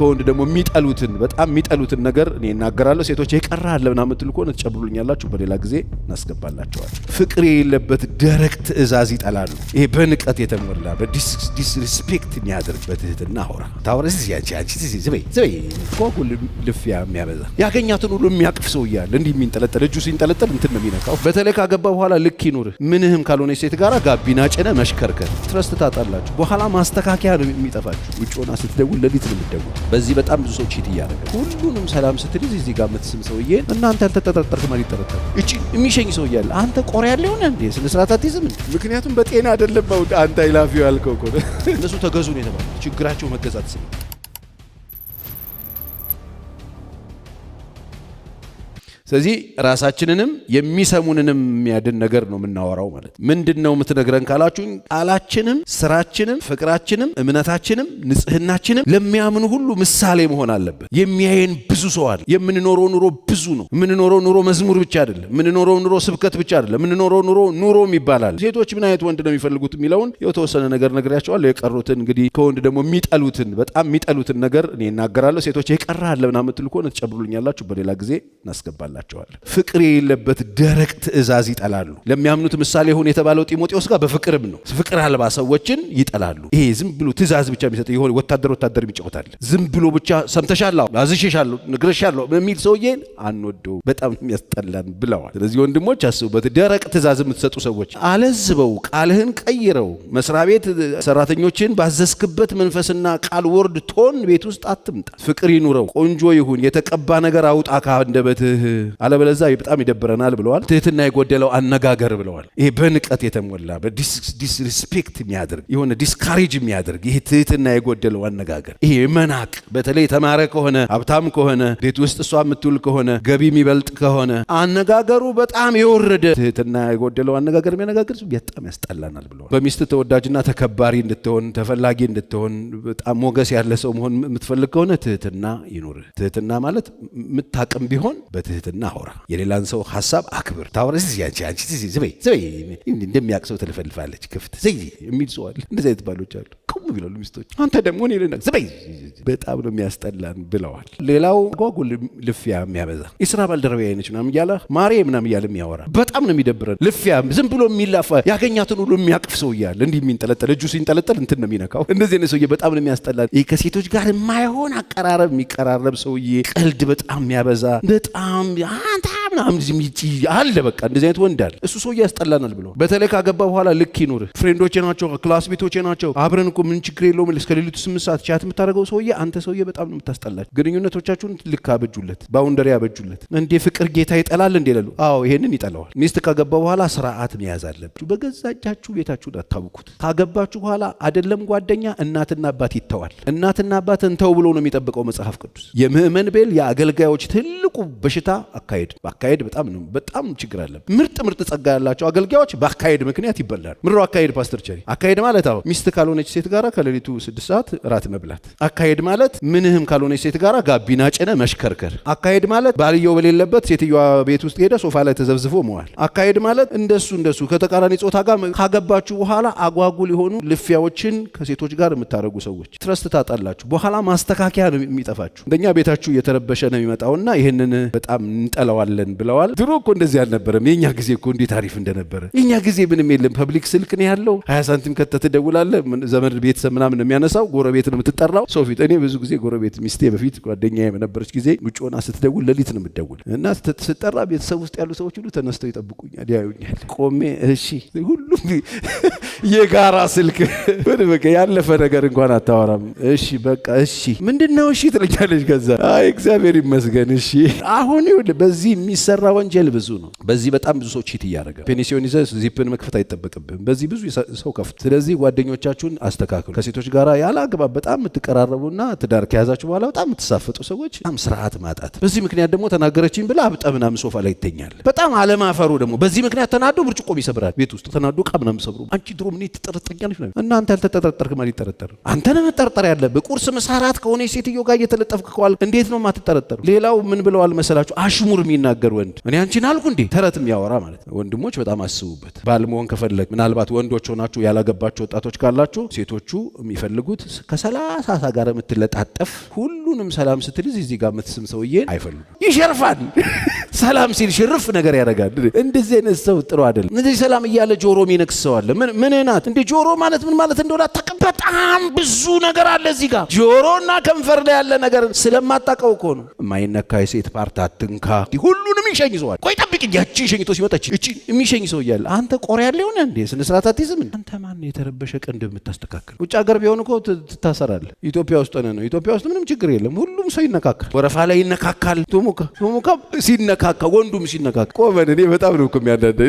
ከወንድ ደግሞ የሚጠሉትን በጣም የሚጠሉትን ነገር እኔ እናገራለሁ። ሴቶች የቀረ አለ ምናምን የምትሉ ከሆነ ትጨብሉኛላችሁ፣ በሌላ ጊዜ እናስገባላቸዋል። ፍቅር የሌለበት ደረቅ ትእዛዝ ይጠላሉ። ይሄ በንቀት የተሞላ በዲስሪስፔክት የሚያደርግበት እህትና አውራ ታውራ ዝበይ ሁሉ ልፊያ የሚያበዛ ያገኛትን ሁሉ የሚያቅፍ ሰው እያለ እንዲህ የሚንጠለጠል እጁ ሲንጠለጠል እንትን ነው የሚነካው። በተለይ ካገባ በኋላ ልክ ይኑርህ ምንህም ካልሆነ ሴት ጋር ጋቢና ጭነ መሽከርከር ትረስት ታጣላችሁ። በኋላ ማስተካከያ ነው የሚጠፋችሁ። ውጭ ሆና ስትደውል ለሊት ነው የምትደውል። በዚህ በጣም ብዙ ሰው ቺት እያደረገ ሁሉንም ሰላም ስትል እዚህ ጋር የምትስም ሰውዬ እናንተ ያልተጠረጠርክ ማን ይጠረጠር? እቺ የሚሸኝ ሰው እያለ አንተ ቆር ያለ ሆነ እንዴ? ስነ ስርዓት አትይዝም እንዴ? ምክንያቱም በጤና አይደለም አንተ አይላፊው ያልከው እኮ እነሱ ተገዙ ነው የተባለ ችግራቸው መገዛት ስለ ስለዚህ ራሳችንንም የሚሰሙንንም የሚያድን ነገር ነው የምናወራው። ማለት ምንድን ነው የምትነግረን ካላችሁኝ፣ ቃላችንም፣ ስራችንም፣ ፍቅራችንም፣ እምነታችንም፣ ንጽህናችንም ለሚያምኑ ሁሉ ምሳሌ መሆን አለበት። የሚያየን ብዙ ሰው አለ። የምንኖረው ኑሮ ብዙ ነው። የምንኖረው ኑሮ መዝሙር ብቻ አይደለም። የምንኖረው ኑሮ ስብከት ብቻ አይደለም። የምንኖረው ኑሮ ኑሮ ይባላል። ሴቶች ምን አይነት ወንድ ነው የሚፈልጉት የሚለውን የተወሰነ ነገር ነግሬያቸዋለሁ። የቀሩትን እንግዲህ ከወንድ ደግሞ የሚጠሉትን በጣም የሚጠሉትን ነገር እኔ እናገራለሁ። ሴቶች የቀረ አለ ምናምን የምትሉ ከሆነ ትጨብሩልኛላችሁ። በሌላ ጊዜ እናስገባለን። ይሆንላቸዋል። ፍቅር የሌለበት ደረቅ ትእዛዝ ይጠላሉ። ለሚያምኑት ምሳሌ ሁን የተባለው ጢሞቴዎስ ጋር በፍቅርም ነው። ፍቅር አልባ ሰዎችን ይጠላሉ። ይሄ ዝም ብሎ ትእዛዝ ብቻ የሚሰጥ የሆነ ወታደር ወታደር ይጫወታል። ዝም ብሎ ብቻ ሰምተሻለሁ፣ አዝሼሻለሁ፣ ነግሬሻለሁ የሚል ሰውዬን አንወደው፣ በጣም የሚያስጠላን ብለዋል። ስለዚህ ወንድሞች አስቡበት። ደረቅ ትእዛዝ የምትሰጡ ሰዎች አለዝበው፣ ቃልህን ቀይረው። መስሪያ ቤት ሰራተኞችን ባዘዝክበት መንፈስና ቃል ወርድ ቶን ቤት ውስጥ አትምጣ። ፍቅር ይኑረው። ቆንጆ ይሁን። የተቀባ ነገር አውጣ እንደበትህ አለበለዛ በጣም ይደብረናል ብለዋል። ትህትና የጎደለው አነጋገር ብለዋል። ይሄ በንቀት የተሞላ ዲስሪስፔክት የሚያደርግ የሆነ ዲስካሬጅ የሚያደርግ ይሄ ትህትና የጎደለው አነጋገር፣ ይሄ መናቅ። በተለይ የተማረ ከሆነ ሀብታም ከሆነ ቤት ውስጥ እሷ የምትውል ከሆነ ገቢ የሚበልጥ ከሆነ አነጋገሩ በጣም የወረደ ትህትና የጎደለው አነጋገር የሚያነጋገር በጣም ያስጠላናል ብለዋል። በሚስት ተወዳጅና ተከባሪ እንድትሆን ተፈላጊ እንድትሆን በጣም ሞገስ ያለ ሰው መሆን የምትፈልግ ከሆነ ትህትና ይኑርህ። ትህትና ማለት የምታቅም ቢሆን በትህትና እናውራ፣ የሌላን ሰው ሀሳብ አክብር። ታወራ እንደሚያቅ እንደሚያቅሰው ትልፈልፋለች። ክፍት የሚል ሰው እንደዚ አይነት ባሎች አሉ። ነው ይላሉ ሚስቶች። አንተ ደግሞ እኔ ልነግርህ ዝበይ በጣም ነው የሚያስጠላን ብለዋል። ሌላው ጓጉል ልፊያ የሚያበዛ የስራ ባልደረባ አይነች ምናምን እያለ ማሬ ምናምን እያለ የሚያወራ በጣም ነው የሚደብረን። ልፊያ ዝም ብሎ የሚላፈ ያገኛትን ሁሉ የሚያቅፍ ሰው እያለ እንዲህ የሚንጠለጠል እጁ ሲንጠለጠል እንትን ነው የሚነካው። እንደዚህ አይነት ሰውዬ በጣም ነው የሚያስጠላን። ይህ ከሴቶች ጋር የማይሆን አቀራረብ የሚቀራረብ ሰውዬ፣ ቀልድ በጣም የሚያበዛ በጣም አንተ ምናምን አለ በቃ እንደዚህ አይነት ወንድ አለ። እሱ ሰው ያስጠላናል ብሎ በተለይ ካገባ በኋላ ልክ ይኑር። ፍሬንዶቼ ናቸው፣ ክላስ ናቸው፣ አብረን እኮ ምን ችግር የለውም። እስከ ሌሊቱ ስምንት ሰዓት ቻት የምታደርገው ሰውዬ አንተ ሰውዬ በጣም ነው የምታስጠላቸው። ግንኙነቶቻችሁን ልክ አበጁለት፣ ባውንደሪ አበጁለት። እንዴ ፍቅር ጌታ ይጠላል እንዴ ለሉ አዎ ይሄንን ይጠላዋል። ሚስት ካገባ በኋላ ስርዓት መያዝ አለብ። በገዛ እጃችሁ ቤታችሁን አታውኩት። ካገባችሁ በኋላ አደለም ጓደኛ እናትና አባት ይተዋል። እናትና አባት እንተው ብሎ ነው የሚጠብቀው መጽሐፍ ቅዱስ። የምእመን ቤል የአገልጋዮች ትልቁ በሽታ አካሄድ አካሄድ በጣም ነው በጣም ችግር አለ። ምርጥ ምርጥ ጸጋ ያላቸው አገልጋዮች በአካሄድ ምክንያት ይበላሉ። ምሮ አካሄድ ፓስተር ቸሪ አካሄድ ማለት አሁን ሚስት ካልሆነች ሴት ጋራ ከሌሊቱ ስድስት ሰዓት ራት መብላት፣ አካሄድ ማለት ምንህም ካልሆነች ሴት ጋራ ጋቢና ጭነ መሽከርከር፣ አካሄድ ማለት ባልየው በሌለበት ሴትዮዋ ቤት ውስጥ ሄደ ሶፋ ላይ ተዘብዝፎ መዋል፣ አካሄድ ማለት እንደሱ እንደሱ ከተቃራኒ ጾታ ጋር ካገባችሁ በኋላ አጓጉል የሆኑ ልፊያዎችን ከሴቶች ጋር የምታደርጉ ሰዎች ትረስት ታጣላችሁ። በኋላ ማስተካከያ ነው የሚጠፋችሁ። እንደኛ ቤታችሁ እየተረበሸ ነው የሚመጣውና ይህንን በጣም እንጠለዋለን። ቀን ብለዋል። ድሮ እኮ እንደዚህ አልነበረም። የእኛ ጊዜ እኮ እንዴት አሪፍ እንደነበረ። የእኛ ጊዜ ምንም የለም። ፐብሊክ ስልክ ነው ያለው። ሀያ ሳንቲም ከተህ ትደውላለህ። ዘመድ ቤተሰብ ምናምን ነው የሚያነሳው። ጎረቤት ነው የምትጠራው ሰው ፊት። እኔ ብዙ ጊዜ ጎረቤት ሚስቴ በፊት ጓደኛ የነበረች ጊዜ ውጭ ሆና ስትደውል ሌሊት ነው የምትደውል እና ስጠራ ቤተሰብ ውስጥ ያሉ ሰዎች ሁሉ ተነስተው ይጠብቁኛል፣ ያዩኛል። ቆሜ እሺ ሁሉም የጋራ ስልክ ምን በቃ ያለፈ ነገር እንኳን አታወራም። እሺ በቃ እሺ ምንድን ነው እሺ ትለኛለች። ገዛ አይ እግዚአብሔር ይመስገን እሺ አሁን በዚህ የሚሰራ ወንጀል ብዙ ነው። በዚህ በጣም ብዙ ሰው ቺት እያደረገ ፔኒሲዮን ይዘ ዚፕን መክፈት አይጠበቅብም። በዚህ ብዙ ሰው ከፍት። ስለዚህ ጓደኞቻችሁን አስተካክሉ። ከሴቶች ጋር ያለ አግባብ በጣም የምትቀራረቡና ትዳር ከያዛችሁ በኋላ በጣም የምትሳፈጡ ሰዎች በጣም ስርዓት ማጣት። በዚህ ምክንያት ደግሞ ተናገረችኝ ብላ አብጠ ምናምን ሶፋ ላይ ይተኛል። በጣም አለማፈሩ ደግሞ በዚህ ምክንያት ተናዶ ብርጭቆ ይሰብራል። ቤት ውስጥ ተናዶ ዕቃ ምናምን ሰብሩ። አንቺ ድሮ ምን ትጠረጠኛለች? እናንተ ያልተጠረጠርክ ማን ይጠረጠር? አንተን መጠርጠር ያለብህ ቁርስ መሳራት ከሆነ ሴትዮ ጋር እየተለጠፍክ ከዋል እንዴት ነው ማትጠረጠሩ? ሌላው ምን ብለዋል መሰላችሁ? አሽሙር የሚናገሩ የሚናገር ወንድ እኔ አንቺን አልኩ እንዴ ተረትም ያወራ ማለት ነው። ወንድሞች በጣም አስቡበት። ባል መሆን ከፈለግ ምናልባት ወንዶች ሆናችሁ ያላገባችሁ ወጣቶች ካላችሁ ሴቶቹ የሚፈልጉት ከሰላሳ ጋር የምትለጣጠፍ ሁሉ ሁሉንም ሰላም ስትል እዚህ ጋር የምትስም ሰውዬን አይፈልጉም። ይሸርፋል። ሰላም ሲል ሽርፍ ነገር ያደርጋል። እንደዚህ አይነት ሰው ጥሩ አይደለም። እንደዚህ ሰላም እያለ ጆሮ ሚነክስ ሰው አለ። ምን ናት እንደ ጆሮ ማለት ምን ማለት እንደሆነ አታውቅም። በጣም ብዙ ነገር አለ እዚህ ጋር ጆሮና ከንፈር ላይ ያለ ነገር ስለማታውቀው እኮ ነው። የማይነካ የሴት ፓርት አትንካ። ሁሉንም ይሸኝ ሰዋል። ቆይ ጠብቅ ያቺ ሸኝቶ ሲመጣች እቺ የሚሸኝ ሰው እያለ አንተ ቆር ያለ ሆነ እንዴ ስነ ስርዓት አትይዝም። አንተ ማን የተረበሸ ቀንድ የምታስተካክል? ውጭ ሀገር ቢሆን እኮ ትታሰራለህ። ኢትዮጵያ ውስጥ ነው። ኢትዮጵያ ውስጥ ምንም ችግር የለም። የለም። ሁሉም ሰው ይነካካል፣ ወረፋ ላይ ይነካካል። ቶሞካ ቶሞካ ሲነካካ ወንዱም ሲነካካ ቆመን፣ እኔ በጣም ነው የሚያዳደ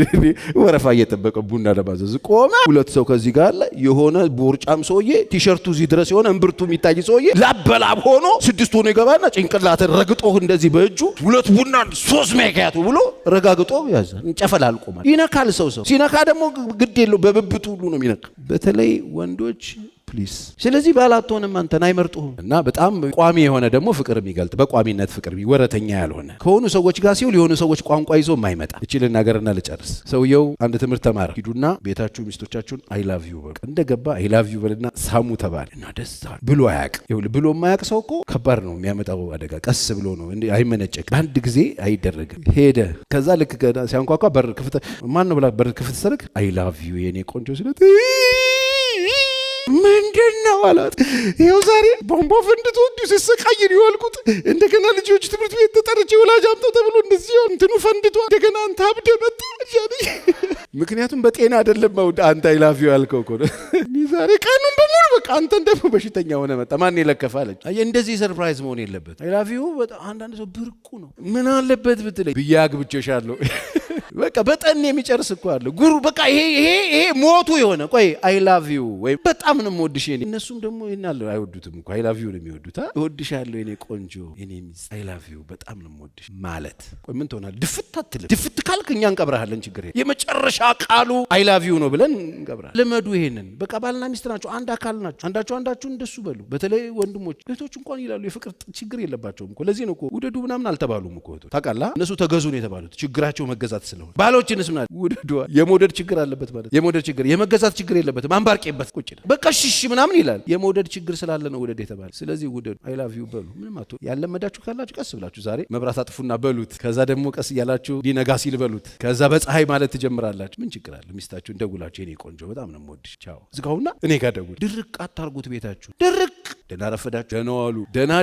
ወረፋ እየጠበቀ ቡና ለማዘዝ ቆመ። ሁለት ሰው ከዚህ ጋር አለ። የሆነ ቦርጫም ሰውዬ ቲሸርቱ እዚህ ድረስ የሆነ እምብርቱ የሚታይ ሰውዬ ላበላብ ሆኖ ስድስት ሆኖ ይገባና ጭንቅላትን ረግጦ እንደዚህ በእጁ ሁለት ቡና ሶስት መካያቱ ብሎ ረጋግጦ ያዘ። እንጨፈላል ቆማል። ይነካል ሰው ሰው ሲነካ ደግሞ ግድ የለው በብብቱ ሁሉ ነው የሚነካ። በተለይ ወንዶች ፕሊስ። ስለዚህ ባል አትሆንም፣ አንተን አይመርጡህም። እና በጣም ቋሚ የሆነ ደግሞ ፍቅር የሚገልጥ በቋሚነት ፍቅር ወረተኛ ያልሆነ ከሆኑ ሰዎች ጋር ሲውል የሆኑ ሰዎች ቋንቋ ይዞ የማይመጣ እቺ ልናገርና ልጨርስ። ሰውየው አንድ ትምህርት ተማረ። ሂዱና ቤታችሁ ሚስቶቻችሁን አይ ላቭ ዩ በቃ እንደገባ አይ ላቭ ዩ በልና ሳሙ ተባለ እና ደስታ ብሎ አያቅ ብሎ የማያቅ ሰው እኮ ከባድ ነው የሚያመጣው አደጋ። ቀስ ብሎ ነው አይመነጨቅ፣ አንድ ጊዜ አይደረግም። ሄደ። ከዛ ልክ ሲያንኳኳ በር ክፍት ማን ነው ብላ በር ክፍት ሰርግ አይ ላቭ ዩ የኔ ቆንጆ ስለት ምንድን ነው አላት። ይኸው ዛሬ ቦምቦ ፈንድቶ እንዲሁ ሲሰቃይ ነው የዋልኩት። እንደገና ልጆች ትምህርት ቤት ተጠርቼ ወላጅ አምጠው ተብሎ እንደዚህ እንትኑ ፈንድቶ እንደገና አንተ አብደ መጣ ምክንያቱም በጤና አይደለም ውድ አንተ አይላፊ ያልከው እኮ ነው። ዛሬ ቀኑን በሙሉ በቃ አንተን ደግሞ በሽተኛ ሆነ መጣ። ማን የለከፈ አለች። እንደዚህ ሰርፕራይዝ መሆን የለበት አይላፊው። በጣም አንዳንድ ሰው ብርቁ ነው። ምን አለበት ብትለኝ ብዬ አግብቼሻለሁ በቃ በጠን የሚጨርስ እኮ አለ ጉሩ በቃ ይሄ ይሄ ይሄ ሞቱ የሆነ ቆይ አይ ላቭ ዩ ወይ በጣም ነው የምወድሽ። እኔ እነሱም ደግሞ ይሄን አለ አይወዱትም እኮ አይ ላቭ ዩ ነው የሚወዱት። እወድሻለሁ የኔ ቆንጆ የኔ ሚስት አይ ላቭ ዩ በጣም ነው የምወድሽ ማለት ቆይ ምን ትሆናል? ድፍት አትልም። ድፍት ካልክ እኛ እንቀብረሃለን። ችግር የመጨረሻ ቃሉ አይ ላቭ ዩ ነው ብለን እንቀብራለን። ልመዱ ይሄንን በቃ ባልና ሚስት ናቸው፣ አንድ አካል ናቸው። አንዳችሁ አንዳችሁ እንደሱ በሉ። በተለይ ወንድሞች እህቶች እንኳን ይላሉ የፍቅር ችግር የለባቸውም እኮ ለዚህ ነው እኮ ውደዱ ምናምን አልተባሉም እኮ ታውቃላ። እነሱ ተገዙ ነው የተባሉት ችግራቸው መገዛት ስለ ነው። ባሎችንስ ምና ውደዷል። የመውደድ ችግር አለበት ማለት የመውደድ ችግር የመገዛት ችግር የለበትም። አንባርቄበት ቁጭ ነው በቃ ሽሽ ምናምን ይላል። የመውደድ ችግር ስላለ ነው ውደድ የተባለ። ስለዚህ ውደዱ፣ አይ ላቭ ዩ በሉ። ምንም አቶ ያለመዳችሁ ካላችሁ ቀስ ብላችሁ ዛሬ መብራት አጥፉና በሉት። ከዛ ደግሞ ቀስ እያላችሁ ሊነጋ ሲል በሉት። ከዛ በፀሐይ ማለት ትጀምራላችሁ። ምን ችግር አለ? ሚስታችሁ ደውላችሁ የኔ ቆንጆ በጣም ነው የምወድሽ ቻው ዝጋውና እኔ ጋር ደውል። ድርቅ አታርጉት ቤታችሁ ድርቅ ደህና ረፈዳችሁ፣ ደህና ዋሉ፣ ደህና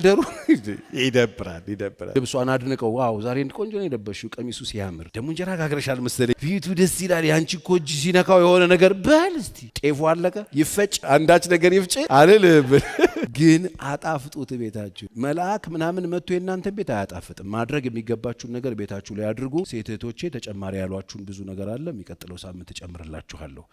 ይደብራል ይደብራል። ልብሷን አድንቀው ዋው ዛሬ ቆንጆ ነው የለበሽው፣ ቀሚሱ ሲያምር ደግሞ እንጀራ ጋግረሻል መሰለኝ፣ ፊቱ ደስ ይላል። የአንቺ እኮ እጅ ሲነካው የሆነ ነገር በል እስቲ ጤፉ አለቀ ይፈጭ፣ አንዳች ነገር ይፍጭ አልልም፣ ግን አጣፍጡት። ቤታችሁ መልአክ ምናምን መጥቶ የእናንተ ቤት አያጣፍጥም። ማድረግ የሚገባችሁን ነገር ቤታችሁ ላይ አድርጉ። ሴት እህቶቼ ተጨማሪ ያሏችሁን ብዙ ነገር አለ፣ የሚቀጥለው ሳምንት እጨምርላችኋለሁ።